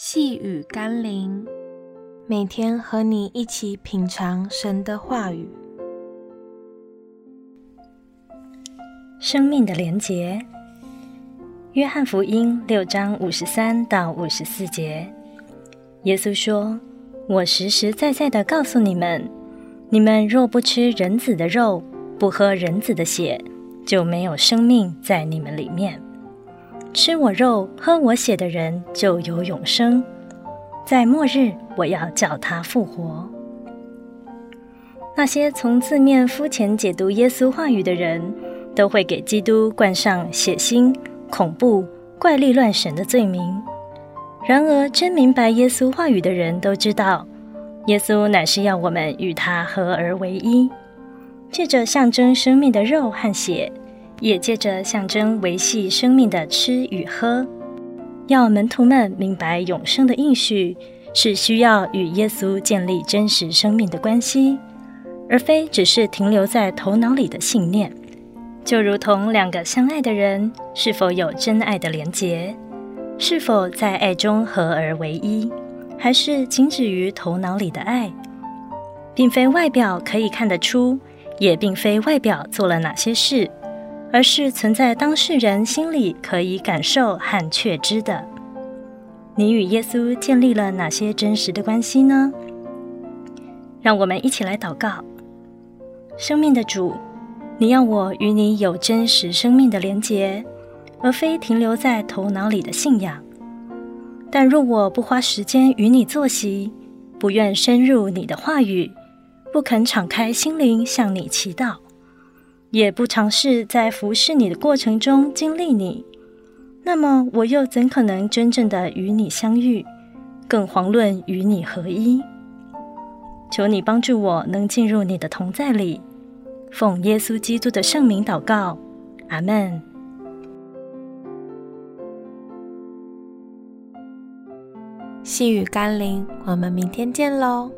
細語甘霖，每天和你一起品嘗神的話語，生命的連結。約翰福音六章五十三到五十四節，耶穌說：“我實實在在的告訴你們，你們若不吃人子的肉，不喝人子的血，就沒有生命在你們裡面。”吃我肉、喝我血的人就有永生，在末日我要叫他復活。那些從字面膚淺解讀耶穌話語的人，都會給基督冠上血腥、恐怖、怪力亂神的罪名。然而，真明白耶穌話語的人都知道，耶穌乃是要我們與祂合而為一，借着象徵生命的肉和血。也借着象徵維繫生命的吃與喝，要門徒們明白永生的應許是需要與耶穌建立真實生命的關係，而非只是停留在頭腦裡的信念。就如同兩個相愛的人是否有真愛的連結，是否在愛中合而為一，還是僅止於頭腦裡的愛，並非外表可以看得出，也並非外表做了哪些事。而是存在當事人心裡可以感受和確知的。你與耶穌建立了哪些真實的關係呢？讓我們一起來禱告。生命的主，你要我與你有真實生命的連結，而非停留在頭腦裡的信仰。但若我不花時間與你坐席，不願深入你的話語，不肯敞開心靈向你祈禱。也不嘗試在服侍你的過程中經歷你，那麼我又怎可能真正地與你相遇，更遑論與你合一？求你幫助我能進入你的同在裡。奉耶穌基督的聖名禱告，阿們。細語甘霖，我們明天見嘍。